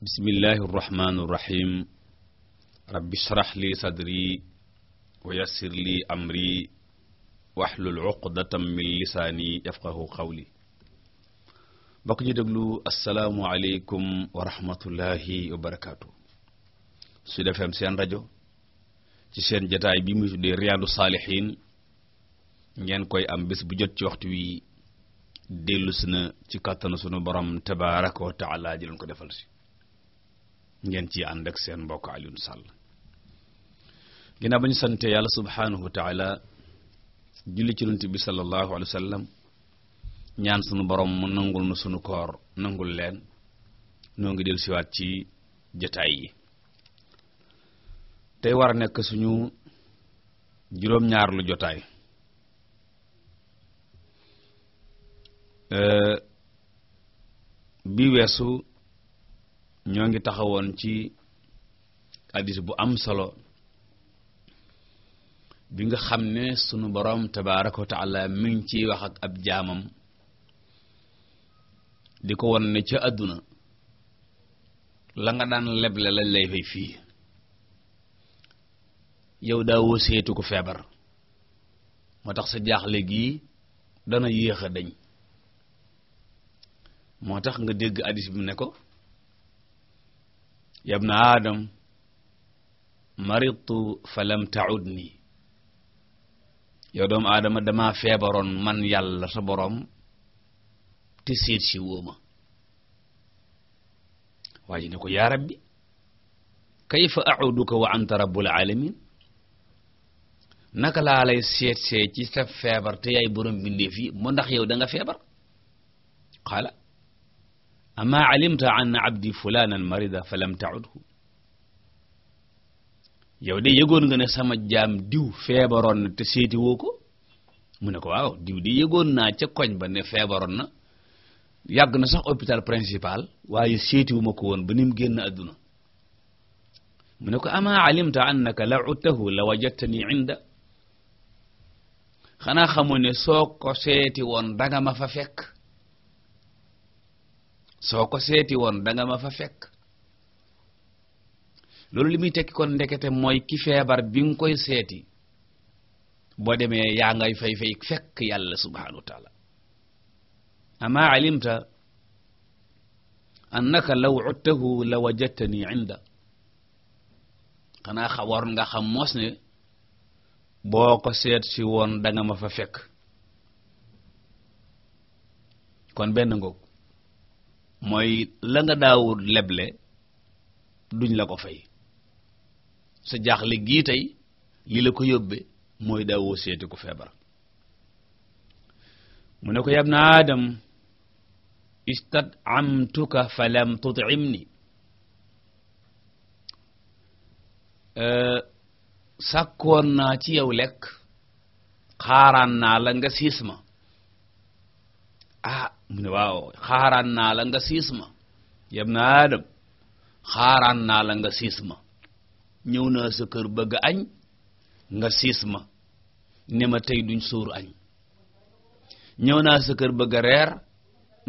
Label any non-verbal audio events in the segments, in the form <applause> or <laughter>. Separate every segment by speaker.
Speaker 1: bismillahi irrahmani irrahim rabbi shrah li sadri wa yassir li amri wahlul uqdatam min lisaani yafqahu qawli bokk ñu déglu asalaamu aleykum wa rahmatullahi wa barakaatu seen rajo ci seen jataay bi muy tuddee Riyadou Salihine ngeen koy am bés bu jot ci waxtu wi dellu si na ci kàttanu sunu borom tabaraka wa taala ko defal si ngeen ci ànd ak seen mbokk Alioune Sall ginnaaw ba ñu santee yàlla subhaanahu wa taala julli ci lunt bi sallallahu alayhi wa sallam ñaan sunu borom mu nangul nu sunu koor nangul leen noo ngi del siwaat ci jotaay yi tey war a nekk suñu juróom-ñaar lu jotaay bi weesu ñoo ngi taxawoon ci hadis bu am solo bi nga xam ne sunu borom tabaaraka wa taala mi ngi ciy wax ak ab jaamam di ko won ne ca àdduna la nga daan leble lañ lay fay fii yow daa wóoseetu ko feebar moo tax sa jaaxle gii dana yéex a dañ moo tax nga dégg hadis bi ne ko yabna aadam maritu falam taudni yow doomu aadama dama feebaroon man yàlla sa boroom te seet si wóoma waa ji ne ko yaa rabbi kayfa a'uduka wa anta rabbul alamin naka laa lay seet see ci sa feebar te yaay boroom bindeef yi mu ndax yow da feebar xaala ama alimta anna abdi fulanan marida fa lam ta'udhu de yëgoon nga ne sama diw feebaroon na seeti woo mu ne ko waaw diw de yëgoon naa ca koñ ba ne feebaroon na yàgg na sax hôpital principal waaye seetiwuma ko woon ba ni mu génn àdduna mu ne ko ama alimta annaka la uttahu la wajadtani inda xanaa xamoon ne soo seeti woon danga ma fa fekk soo ko seeti woon da ma fa fekk loolu li muy tekki kon ndekete mooy ki feebar bi nga koy seeti boo demee yaa ngay fay fay fekk yàlla subhanahu wa taala ama alimta annaka law uttahu la wajadtani inda xanaa xa nga xam moos ne boo ko seet si woon da ma fa fekk kon benn ngoog mooy la nga daawul leble duñ la ko fay sa jaaxle gii tey li la ko yóbbe mooy daawoo seeti ko feebar mu ne ko yab na aadam istad'amtuka falam tut'imni euh, sàkkoon naa ci yow lekk xaaraan naa la nga siis ma ah mu waaw xaaraan naa la nga siis ma yab na xaaraan naa la nga siis ma ñëw na sa kër bëgg añ nga siis ma ne ma tey duñ sóor añ ñëw naa sa kër bëgg a reer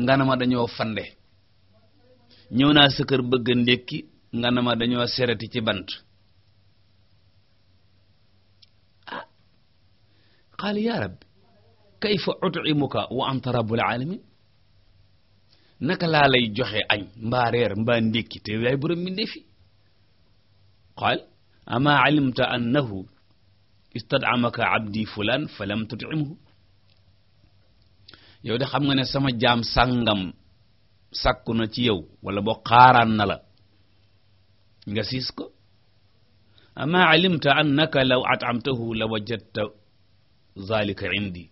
Speaker 1: nga ne ma dañoo fande ñëw naa sa kër bëgg a nga ne ma dañoo sereti ci bant ah qaal yaa rabbi kayfa ut'imuka wa anta rabbul alamin naka laa lay joxe añ mbaa reer mbaa ndékki te yaay borom mbindeef qaal ama alimta annahu istad'amaka abdi fulan falam tut'imhu yow de xam nga ne sama jaam sàngam sàkku na ci yow wala boo xaaraan na la nga siis ko ama alimta annaka la wajadta zalika indi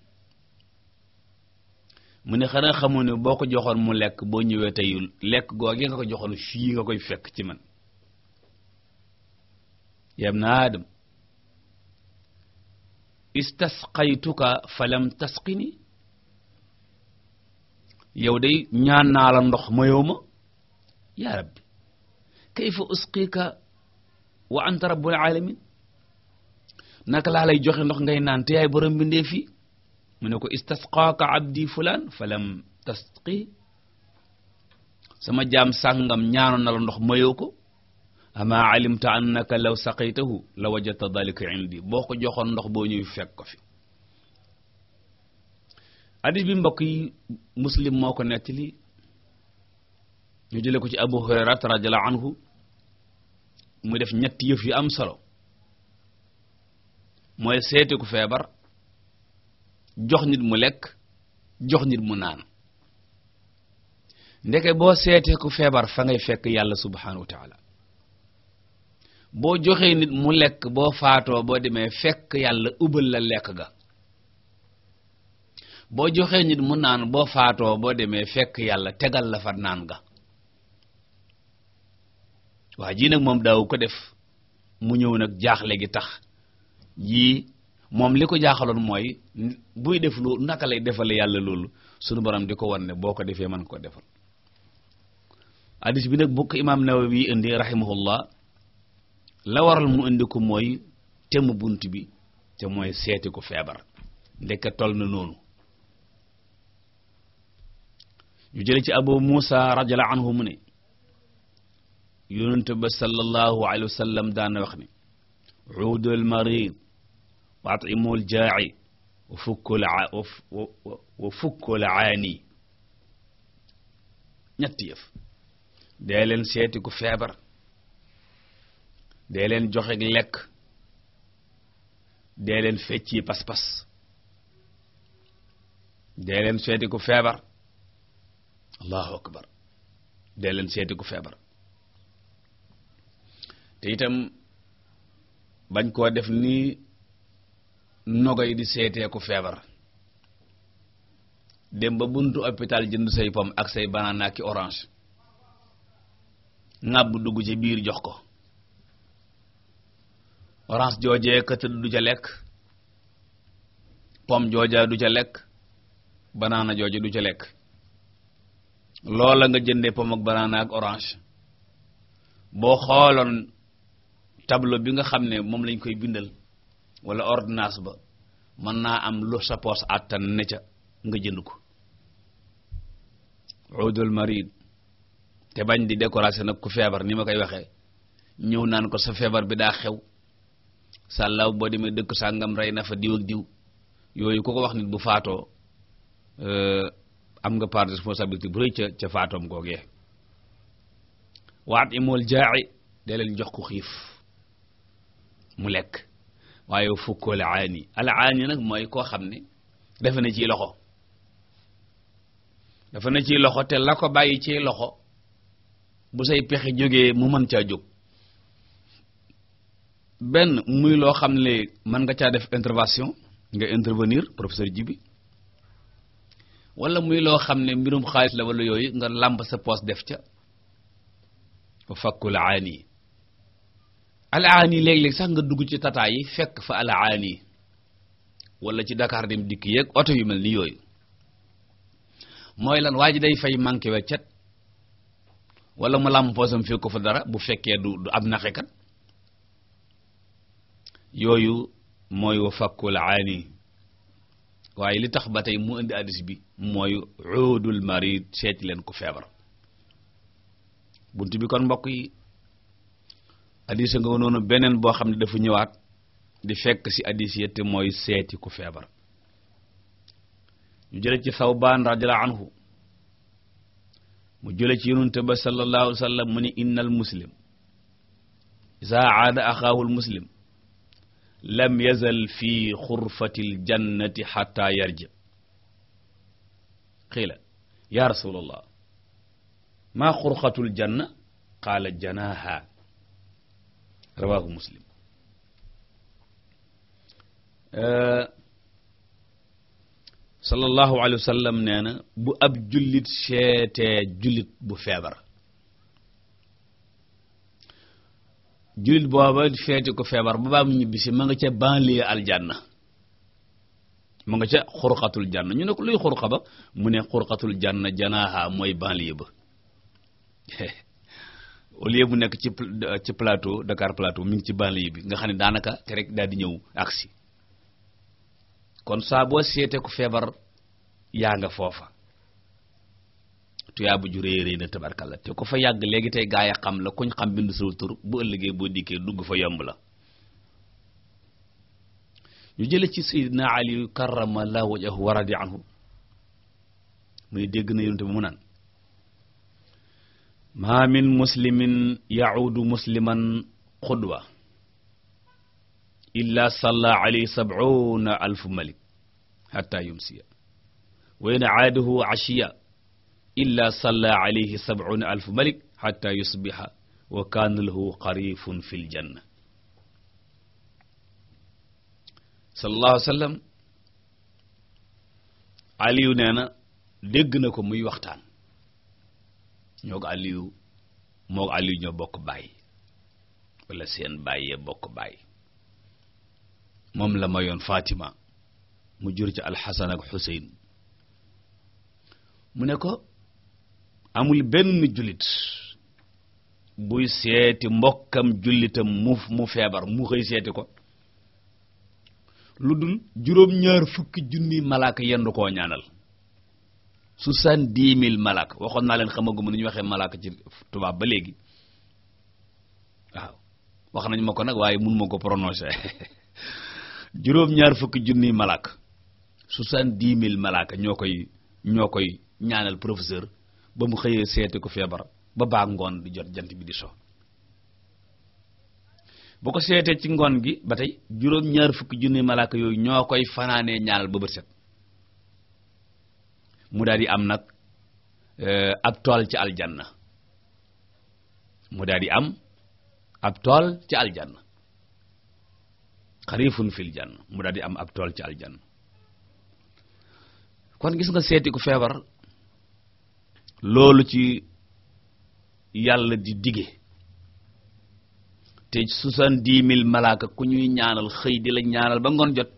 Speaker 1: mu ne xanaa xamoo ne boo ko joxoon mu lekk boo ñëwee tey lekk googi nga ko joxoon fii nga koy fekk ci man ya ibna aadam istasqaytuka falam tasqini yow day ñaan naa la ndox mayoo ma ya rabbi kayfa usqika wa anta rabbul alamin naka laa lay joxe ndox ngay naan te yaay borom bindee fii mu ne ko istasqaaka abdi fulaan falam tasqi sama jaam sàngam ñaanoon na la ndox mayoo ko ama alimta annaka law saqaytahu la wajadta dalika indi boo ko joxoon ndox boo ñuy fekk ko fi hadis bi mbokk yi muslim moo ko nettali ñu jële ko ci abu hurayrat radiyallahu anhu mu def ñetti yëf yu am solo mooy seete ko feebar jox nit mu lekk jox nit mu naan ndeke boo seetee ku feebar fa ngay fekk yàlla subhaanahu wa taala boo joxee nit mu lekk boo faatoo boo demee fekk yàlla ubal la lekk ga boo joxee nit mu naan boo faatoo boo demee fekk yàlla tegal la fa naan ga waa jii nag moom daaw ko def mu ñëw nag jaaxle gi tax yii moom li ko jaaxaloon mooy buy def loolu naka lay defale yàlla loolu sunu borom di ko wan ne boo ko defee mën ko defal hadis bi nag bokk imaam Nawawi indi rahimahullah la waral mu indi ko mooy temu bunt bi te mooy seeti ko feebar ndekk tol na noonu ñu jële ci abu muusa radiyallahu anhu mu ne yonente ba sallallahu alayhi wa sallam daana wax ne uudul marid wa atimul jaa'i wa fukkul wa fukkul aani ñetti yëf dee leen seeti ko feebar dee leen joxe lekk dee leen fecci pas-pas dee leen seeti ko feebar allahu akbar dee leen seeti ko feebar te itam bañ koo def nii nogo yi di seetee ku feebar dem ba buntu hôpital jënd say pom ak say banana ak orange ŋàbb dugg ci biir jox ko orange joojee ka tëdd du ca lekk pom joojaa du ca lekk banaana jooje du ca lekk loola nga jëndee pom ak banana ak orange boo xooloon tableau bi nga xam ne moom lañ koy bindal wala ordonnance ba mën naa am lu sa poos àttan ne ca nga jënd ko udul marid te bañ di décoration nag ku feebar ni ma koy waxee ñëw naan ko sa feebar bi daa xew sàllaw boo demee dëkk sàngam rey na fa diw diw yooyu ku ko wax nit bu faatoo euh, am nga part responsabilité bu rëy ca ca faatoom googee waat imool jaaxi da leen jox ko xiif mu lekk waaye fukkul aani al aani nag mooy koo xam ne defe na ciy loxo dafa na ciy loxo te la ko bàyyi ciy loxo bu say pexe jógee mu mën caa jóg benn muy loo xam ne mën nga caa def intervention nga intervenir professeur jibi walla muy loo xam ne mbirum xaalis la wala yooyu nga làmb sa poos def ca fakkul aani alaani léeg-léeg sax nga dugg ci tata yi fekk fa alaani wala ci Dakar dem dikk yeeg oto yu mel ni yooyu mooy lan waa ji day fay manqué weccet wala mu làmm poosam ko fa dara bu fekkee du du ab naxekat yooyu mooy wa aani waaye li tax ba tey mu indi addis bi mooy uudul marid seeti leen ko feebar bunt bi kon mbokk yi addis nga noonu beneen boo xam ne dafa ñëwaat di fekk ci addis ya te mooy seeti ku feebar ñu jële ci Sawbaan radiyallahu anhu mu jële ci yonent ba sallallahu alayhi wa sallam mu ni innal muslim izaa aada axaahul muslim lam yazal fi xurfatil jannati xatta yarji qiila yaa rasulallah maa xurxatul janna qaala janaaha rawaahu muslim sallallahu alayhi wa sallam nee na bu ab jullit seetee jullit bu feebar jullit aba feeti ko feebar bu ba mu ñibbisi ma nga ca banlieue aljanna ma nga ca xurqatul janna ñu ne ko luy xurqa ba mu ne xurqatul janna janaaha mooy banlieue ba <laughs> au lieu mu nekk ci euh, ci plateau Dakar plateau mi ngi ci banlieue bi nga xam ne daanaka te rek daal di ñëw agsi kon saa seetee ku feebar yaa nga foofa tuyaa bu ju réy réy na te ku fa yàgg léegi tey gaay a xam la kuñ xam bindu sa tur bu ëllëgee boo dikkee dugg fa yomb la ñu jële ci Seydina Ali karramallahu wajhahu wa radi anhu muy dégg na yonent bi mu naan maa min muslimin yaudu musliman xudwa illa salla alayhi sab'una alf malik hatta yumsiya wa in aadahu ashiya illa salla alayhi sab'una alf malik hatta yusbiha wa kaana lahu qarifun fil janna sallallahu alayhi wa sallam aliyu nee na dégg na ko muy waxtaan ñoo ko Aliou moo ko Aliou ñoo bokk baay wala seen baay yee bokk baay moom la mayoon Fatima mu jur ci alxasan ak xuseyn mu ne ko amul benn jullit buy seeti mbokkam jullitam mu feebar mu xëy seeti ko lu dul juróom-ñaar fukki junni malaaka yendu koo ñaanal su soixante-dix mille malaaka waxoon naa leen xamaguma nu ñu waxee malaaka ci tubaab ba léegi waaw wax nañ ma ko nag waaye mun ma ko prononcer <laughs> juróom-ñaar fukki junniy malaaka soixante-dix mille malaaka ñoo koy ñoo koy ñaanal professeur ba mu xëyee seete ko feebar ba baa ngoon di jot jant bi di so bu ko seetee ci ngoon gi ba tey juróom ñaari fukki junniy malaaka yooyu ñoo koy fanaanee ñaanal ba bët set mu daal am nag euh, ab tool ci aljanna mu daldi am ab tool ci aljana xarifun fil mu daal di am ab tool ci aljanna kon gis nga seeti ku feebar loolu ci yàlla di dige te soixante-dix mille malaaka ku ñuy ñaanal xëy di la ñaanal ba ngoon jot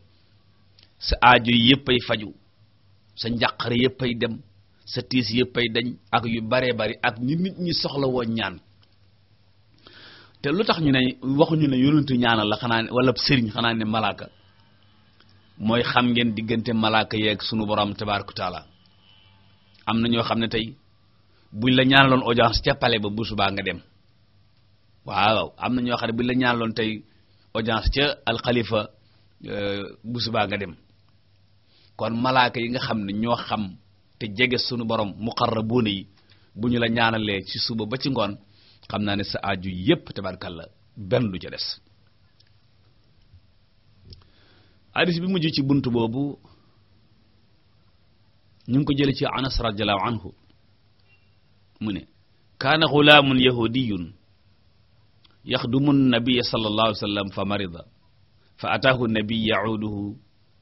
Speaker 1: sa aajo yépp ay faju sa njàqare yëpp ay dem sa tiis yëpp ay dañ ak yu baree bari ak ñi nit ñi soxla woon ñaan te lu tax ñu ne waxuñu ne yonentu ñaana la xanaa ne wala sëriñ xanaa ne malaaka mooy xam ngeen diggante malaaka yeeg sunu borom tabaaraka taala am na ñoo xam ne tey buñ la ñaanaloon audience ca pale ba bu baa nga dem waaw am na ñoo xam ne buñ la ñaanaloon tey audience ca alxalifa euh, bu subaa nga dem kon malaaka yi nga xam ne ñoo xam te jege sunu borom muqarrabuuna yi bu ñu la ñaanalee ci suba ba ci ngoon xam naa ne sa aju yépp la benn du ca des hadis bi mujj ci bunt boobu ñu ngi ko jële ci anas radiyallahu anhu mu ne kaana xulaamun yahudiyun yaxdumu nabiyya sallallahu alayhi wa sallam fa marida fa ataahu nabiyyu ya'uduhu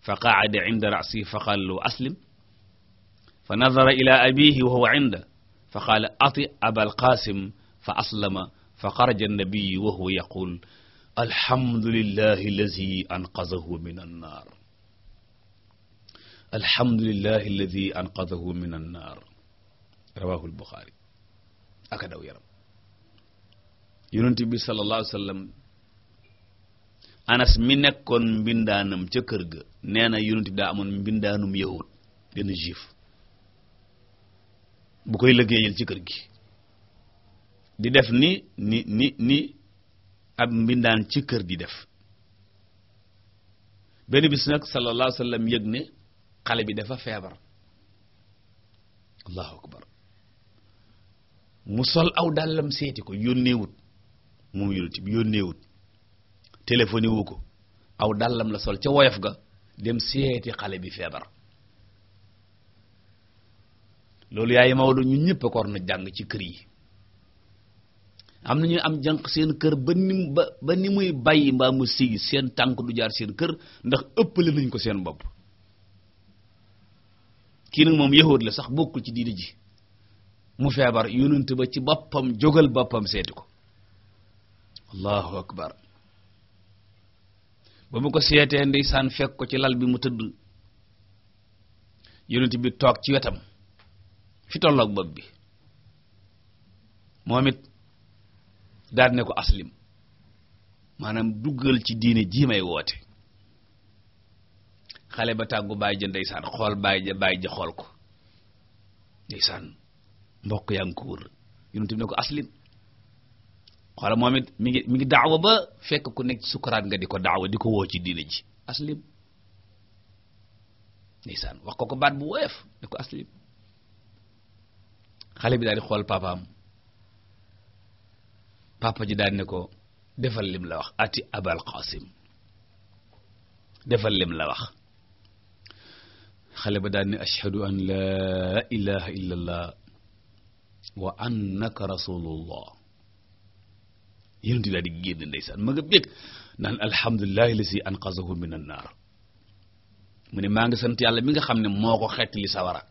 Speaker 1: fa qaada inda ra'si fa qaala lahu aslim fa nadara ila abihi wa huwa inda fa qaala ati abal qasim fa aslama fa xaraja annabiyi wa huwa yaqul alhamdulillahi allazi anqadahu min annaar alhamdulillahi allazi anqadahu min annaar rawahu albuxaari aka daw yaram yonent bi sallallahu alayhi wa sallam anas mi nekkoon mbindaanam ca kër ga nee na yonent bi daa amoon mbindaanum yahud benn juif bu koy liggéeyal ci kër gi di def ni ni ni ni ab mbindaan ci kër di def benn bis nag sallallahu alayhi wa sallam yëg ne xale bi dafa feebar allahu akbar mu sol aw dàllam seeti ko yónneewut moom yónni bi yónneewut téléphoné wu ko aw dàllam la sol ca woyof ga dem seeti xale bi feebar loolu yaay Maodo ñun ñëpp a ko war na jàng ci kër yi am na ñuy am jànq seen kër ba ni muy bàyyi mbaa mu sigi seen tànk du jaar seen kër ndax ëppale nañ ko seen bopp kii nag moom yahud la sax bokkul ci diini ji mu feebar yonent ba ci boppam jógal boppam seeti ko allahu akbar ba mu ko seetee ndeysaan fekk ko ci lal bi mu tëdd yonent bi toog ci wetam fi tolloog bopp bi moom it daal ne ko aslim maanaam duggal ci diine jii may woote xale ba tàggu baay ja ndeysaan xool baay ja baay ja xool ko ndeysaan mbokk yaa ngi ko wër yonent bi ne ko aslim xoola moom mi ngi mi ngi daawa ba fekk ku nekk sukuraat nga di ko daawa di ko woo ci diine ji aslim ndeysaan wax ko ko baat bu woyof ne ko aslim xale bi daal di xool papaam papa ji daal ne ko defal lim la wax ati abal qasim defal lim la wax xale bi daal ne ashhadu an la ilaha illa allah wa annaka rasulullah yonent daal di génn ndeysaan ma nga bég naan alhamdulillahi lasi anqazahu min an naar mu ne maa ngi sant yàlla mi nga xam ne moo ko xettali sawara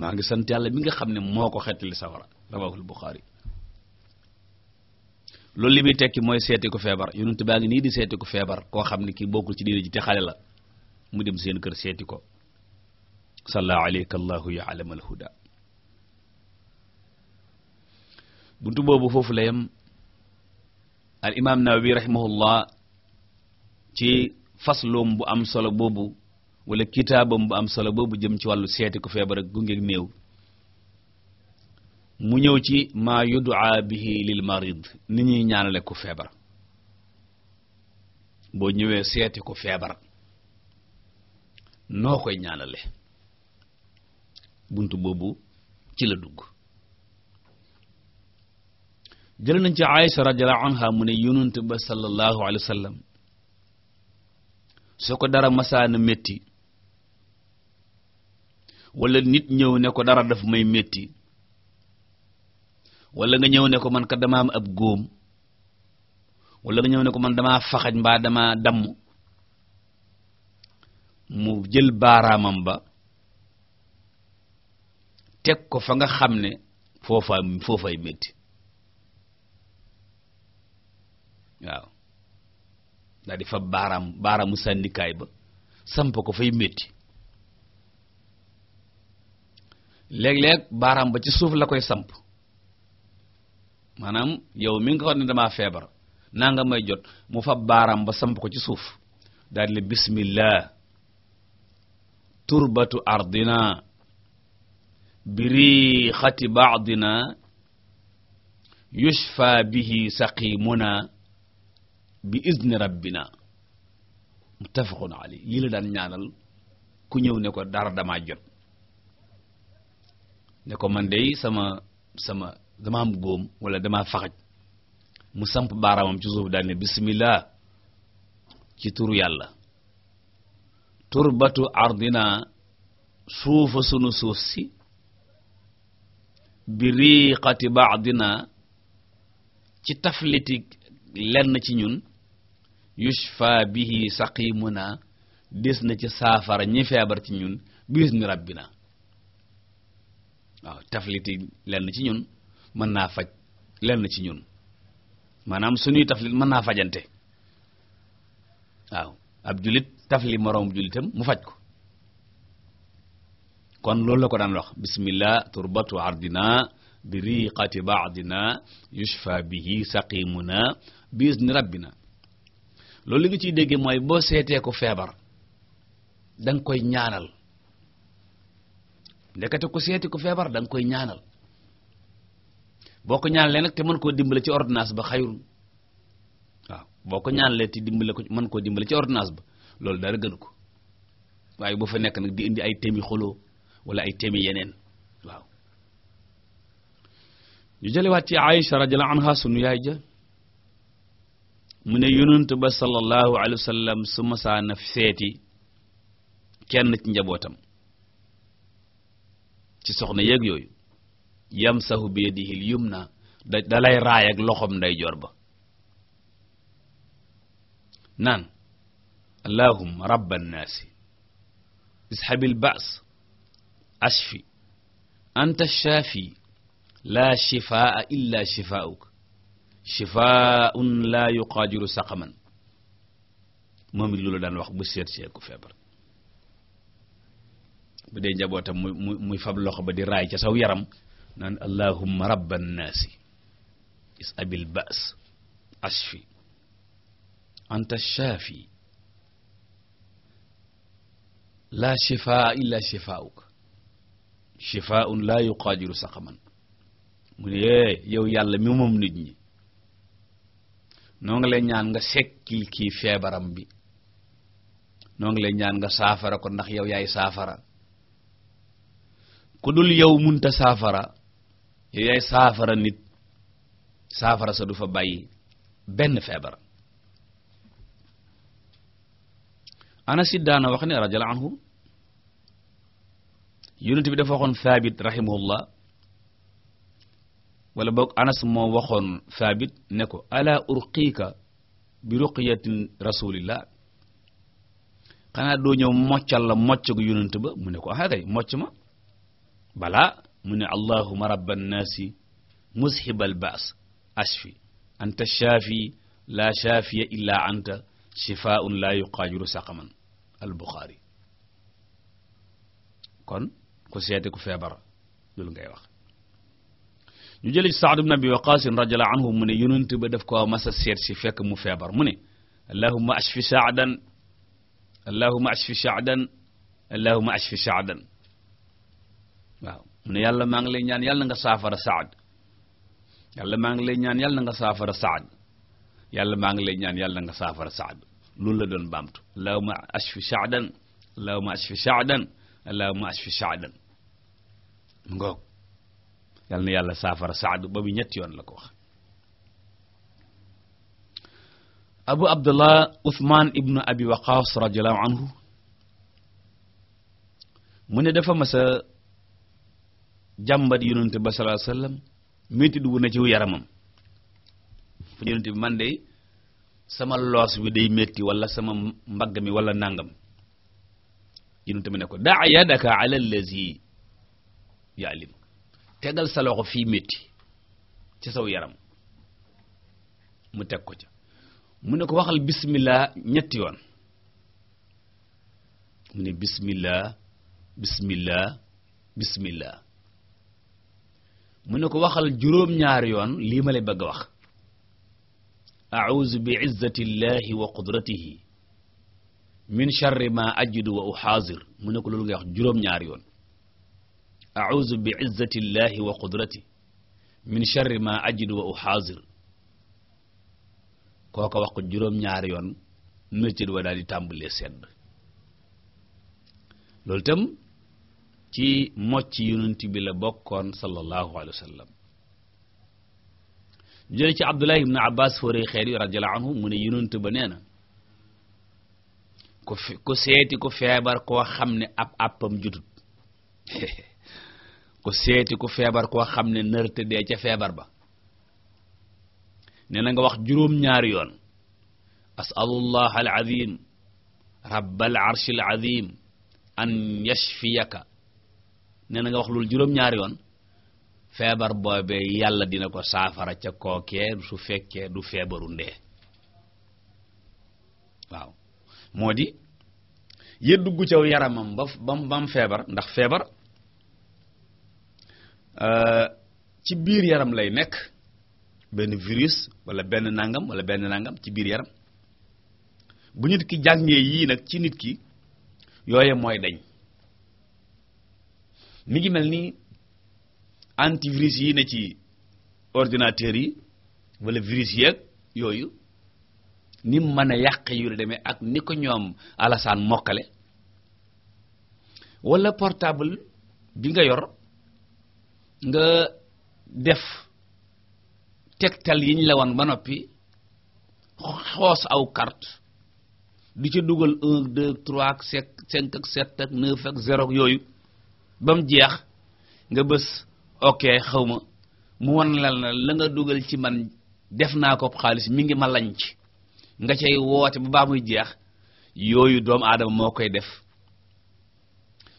Speaker 1: maa ngi sant yàlla mi nga xam ne moo ko xettali sawara rawahul Bukhari loolu li muy tekki mooy seeti ko feebar yonent baa ngi nii di seeti ko feebar koo xam ne ki bokkul ci diine ji te xale la mu dem séen kër seeti ko salla alayka allahu ya alamal huda buntu boobu foofu la yem al imaam Nawawi rahimahullah ci fasloom bu am solo boobu wala kitaabam bu am solo boobu jëm ci wàllu seeti ko feebar ak gungeeg néew mu ñëw ci ma yudaa bihi lil marid ni ñuy ñaanale ko feebar boo ñëwee seeti ko feebar noo koy ñaanale bunt boobu ci la dugg jël nañ ci Aïsha radiyallahu anha mu ne yonent ba sallallahu alayhi wa sallam soo ko dara masaana metti wala nit ñëw ne ko dara dafa may metti wala nga ñëw ne ko man ka dama am ab góom wala nga ñëw ne ko man damaa faxaj mbaa dama damm mu jël baaraamam ba teg ko fa nga xam ne foofaa foofay metti waaw daal di fa baaraam baaraamu sànnikaay ba samp ko fay metti léeg-léeg baaraam ba ci suuf la koy samp maanaam yow mi nga xam ne damaa feebar nanga may jot mu fa baaraam ba samp ko ci suuf daal di bismillah turbatu ardina biriixati baadina yushfa bihi saqimuna bi izni rabbina muttafaqun ali lii la daan ñaanal ku ñëw ne ko dara damaa jot ne ko man dey sama sama dama am góom wala damaa faxaj mu samp baaraamam ci suuf daal bismillah ci turu yàlla turbatu ardina suufa sunu suuf si bi riqati baadina ci tafliti lenn ci ñun yushfa bihi saqimuna des na ci saafara ñi feebar ci ñun bi ni rabbina waaw tafliti lenn ci ñun mën naa faj lenn ci ñun maanaam suñuy taflit mën naa fajante waaw ab julit tafli moroom julitam mu faj ko kon loolu la ko daan wax bismillah turbatu ardina bi riqati baadina yushfa bihi saqimuna biis ni rabbina loolu li nga ciy dégge mooy boo seetee ko feebar danga koy ñaanal ndekete ko seeti ko feebar danga koy ñaanal boo ko ñaanalee nag te mën koo dimbale ci ordonnance ba xayul waaw boo ko ñaanalee te dimbale ko mën koo dimbale ci ordonnance ba loolu dara gën ko waaye boo fa nekk nag di indi ay temi xolo wala ay temi yeneen waaw ñu jëlewaat ci Aïcha radiyallahu anha sunu yaay ja mu ne yonent ba sallallahu alayhi wa sallam su masaana seeti kenn ci njabootam ci soxna yéeg yooyu yamsahu bi yadihi yumna da dalay raay ak ba naan allahumma rabban naasi ashfi anta shaafi laa shifaa illa shifaa'uk shifaun la yuqaadiru saqaman moom it loolu daan wax bu seet seet ku feebar bu dee njabootam muy muy fab loxo ba di raay ca saw yaram naan allahumma rabban naasi is abil ba's ashfi anta shaafi la shifaa illa shifaa'uka shifaa'un la yuqaadiru saqaman mu ne eh, yow yàlla mi moom nit ñi noo ngi lay ñaan nga sekkil kii feebaram bi noo ngi lay ñaan nga saafara ko ndax yow yaay saafara ku dul yow munta saafara yow yaay saafara nit saafara sa du fa bàyyi benn feebar Anas daana wax ne radiyallahu anhu yonent bi dafa waxoon Thabit rahimahullah wala boog anas moo waxoon thabit ne ko ala urqiika bi ruqiyatin rasulillah xanaa doo ñëw moccal la gu yonent ba mu ne ko aha kay mocc ma balaa mu ne allahuma rabban naasi mushibal baas ashfi anta shaafi la shaafiya illa anta shifaa'un la yuqaadiru saqaman al feebar loolu ngay wax ñu jëlee ci Saad ibn Abi Waqaas radiyallahu anhu mu ne yonent ba def ko masa seet si fekk mu feebar mu ne allahumma ashfi sa'dan allahumma ashfi sa'dan allahumma ashfi sa'dan waaw mu ne yàlla maa ngi lay ñaan yàlla nga saafara Saad yàlla maa ngi lay ñaan yàlla nga saafara Saad yàlla maa ngi lay ñaan yàlla nga saafara Saad loolu la doon baamtu allahumma ashfi sa'dan allahumma ashfi sa'dan allahumma ashfi yal yàlla saafara saadu ba mu ñetti yoon la ko wax abu abdullah uthman ibnu abi waqaas radiallahu anhu mu ne dafa ma a jàmbat yonente ba sallallahu alayhi wasallam métti dugg na ci yaramam fu yonente bi man de sama loos bi day métti wala sama mbagg mi wala nangam yonente bi ne ko daa yadaka ala allazi ya'lim tegal sa loxo fii métti ci saw yaram mu teg ko ca mu ne ko waxal bismillah ñetti yoon mu ne bismillah bismillah bismillah mu ne ko waxal juróom-ñaari yoon lii ma lay bëgg a wax a'uuzu bi izzati llahi wa qudratihi min sharri ma ajidu wa uxaazir mu ne ko loolu ngay wax juróom-ñaari yoon auzu bi izzati llahi wa qudrati min sharri ma ajidu wa uxaazir kooko wax ko juróom-ñaari yoon métit wa daal di tàmbalee sedd loolu itam ci mocc yonent bi la bokkoon sallallahu alayhi wa sallam ci Abdullahi ibn Abbas fóoree mu ne yonent ba nee na ku seeti ku feebar koo xam ne ab àppam jutut <laughs> ku seeti ku feebar koo xam ne nër te dee ca feebar ba nee na nga wax juróom-ñaari yoon asalullah al azim rabbal arsh al azim an yashfiyaka nee na nga wax loolu juróom-ñaari yoon feebar boobee yàlla dina ko saafara ca kookee su fekkee du feebaru ndee waaw moo di yëddu gu yaramam ba bam feebar ndax feebar Euh, ci biir yaram lay nekk benn virus wala benn nangam wala benn nangam ci biir yaram bu nit ki jàngee yii nag ci nit ki yooye mooy dañ mi ngi mel ni antivirus yii ne ci ordinateur yi walla virus yeeg yooyu ni mën a yàq yu la demee ak ni ko ñoom alasaan mokkale wala portable bi nga yor nga def tegtal yiñ la wan ba noppi xoos aw carte di ca dugal un deux trois ak cinq ak sept ak neuf ak yooyu ba mu jeex nga bës ok xaw ma mu wan la na la nga dugal ci man def naa ko xaalis mi ngi ma lañ ci nga cay woote ba baa muy jeex yooyu doomu aadama moo koy def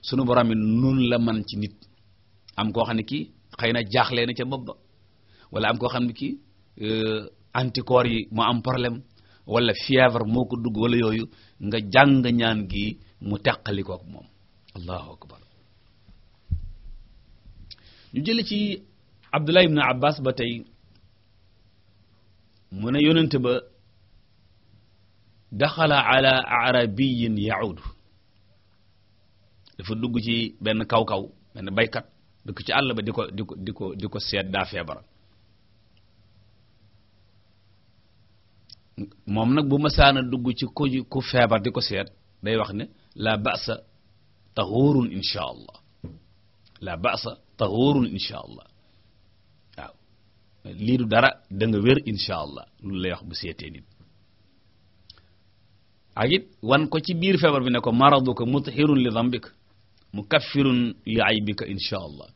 Speaker 1: sunu borom mi nun la man ci nit am koo xam ne kii xëy na jaaxlee na ca bopp ba am koo xam ne kii euh, anticorps yi mu am problème wala fièvre moo ko dugg wala yooyu nga jàng ñaan gi mu teqali ko ak moom allahu akbar ñu jële ci Abdullah ibn Abbas ba tey mu ne yonente ba daxala ala arabiyin yaudu dafa dugg ci benn kaw-kaw benn baykat dëkk ci àll ba di ko di ko di ko seet daa feebar moom nag bu masaana dugg ci ku feebar di ko seet day wax ne laa ba'sa tahurun insha allah la ba'sa tahurun insha allah waaw lii du dara da nga wér insha allah lu lay wax bu seetee nit ak wan ko ci biir feebar bi ne ko maraduka mutahirun li dambik mukaffirun li aybika insha allah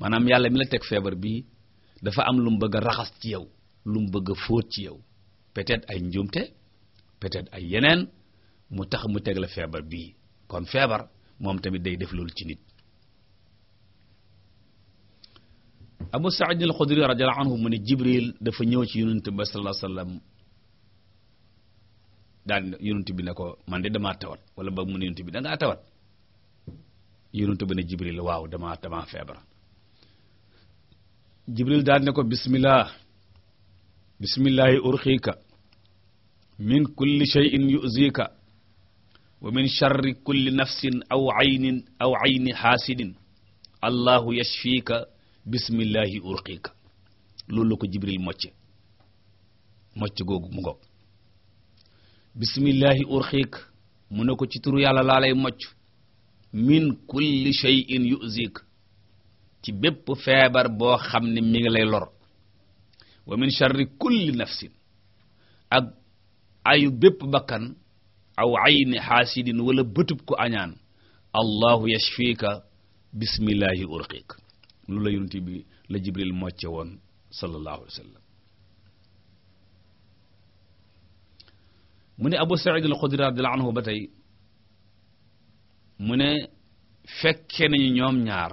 Speaker 1: maanaam yàlla mi la teg feebar bi dafa am lu mu bëgg raxas ci yow lu mu bëgg a fóot ci yow peut-être ay njuumte peut-être ay yeneen mu tax mu teg la feebar bi kon feebar moom tamit day def loolu ci nit Abu Sa'id al-Khudri radiyallahu anhu mu ne Jibril dafa ñëw ci yonent bi sallallahu alayhi wasallam daal yonent bi ne ko man de damaa tawat wala ba mu ne yonent bi da ngaa yonent ba ne Jibril waaw ne ko bismillah bismillahi urxika min kulli shay'in yu'zika wa min sharri kulli nafsin aw aynin aw ayni xaasidin allahu yashfika bismillahi urxika la ko Jibril mocce mocc googu mu ngo bismillahi urxik mu ne ko ci turu yàlla laa mocc min kulli shay'in yu'zik ci bépp feebar boo xam ne mi ngi lay lor wa min sharri kulli nafsin ak ayu bépp bakkan aw ayni xaasidin wala bëtub ku añaan allahu yashfika bismillahi urqiq lu la yonent bi la jibril mocce woon sallallahu alayhi wa sallam mu ne abu sa'id al-xudri radiyallahu anhu ba tey mu ne fekke nañu ñoom ñaar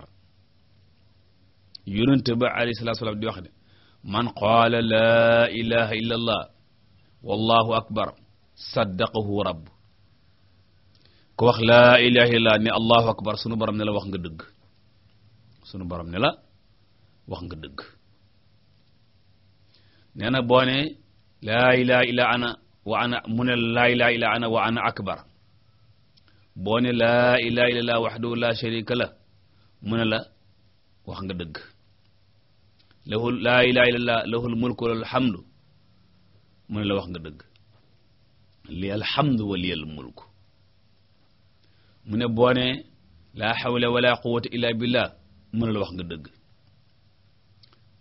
Speaker 1: yonent ba alayhi salaatu salaam di wax ne man qaala laa ilaha illa allah wallahu akbar ne akbar sunu borom ne la wax nga dëgg sunu borom ne la wax nga dëgg nee na boo wa ana mu ne laa ilaha wa akbar boo ne laa ilaha illallah wahdahu la sharika la mu ne la wax nga dëgg lahu laa ilaha illallah lahul mulku wal hamdu mu ne la wax nga dëgg li alhamdu wa li al mulku mu ne boo ne laa hawla wala quwwata illa billah mu ne la wax nga dëgg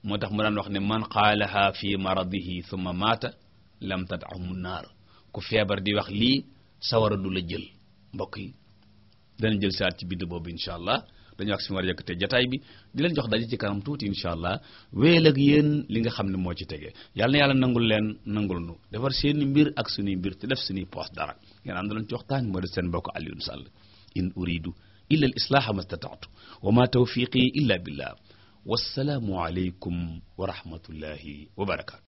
Speaker 1: moo tax mu daan wax ne man qaalaha fi maradihi thumma maata lam tad'amu naar ku feebar di wax lii sawara du la jël mbokk yi danañ jël saat ci bind boobu incha allah dañu wax si war a yëkkatee jataay bi di jox daje ci kanam tuuti incha allah wéel ak yéen li nga xam ne moo ci tege yàlla na yàlla nangul leen nangul nu defar seen mbir ak suñuy mbir te def suñuy poos dara ngeen am daloon ci waxtaan moo de seen mbokk Alioune Sall in uridu illa al islaaha mastata'tu wa ma tawfiqi illa billah wassalaamu aleykum wa rahmatullahi wa barakaatu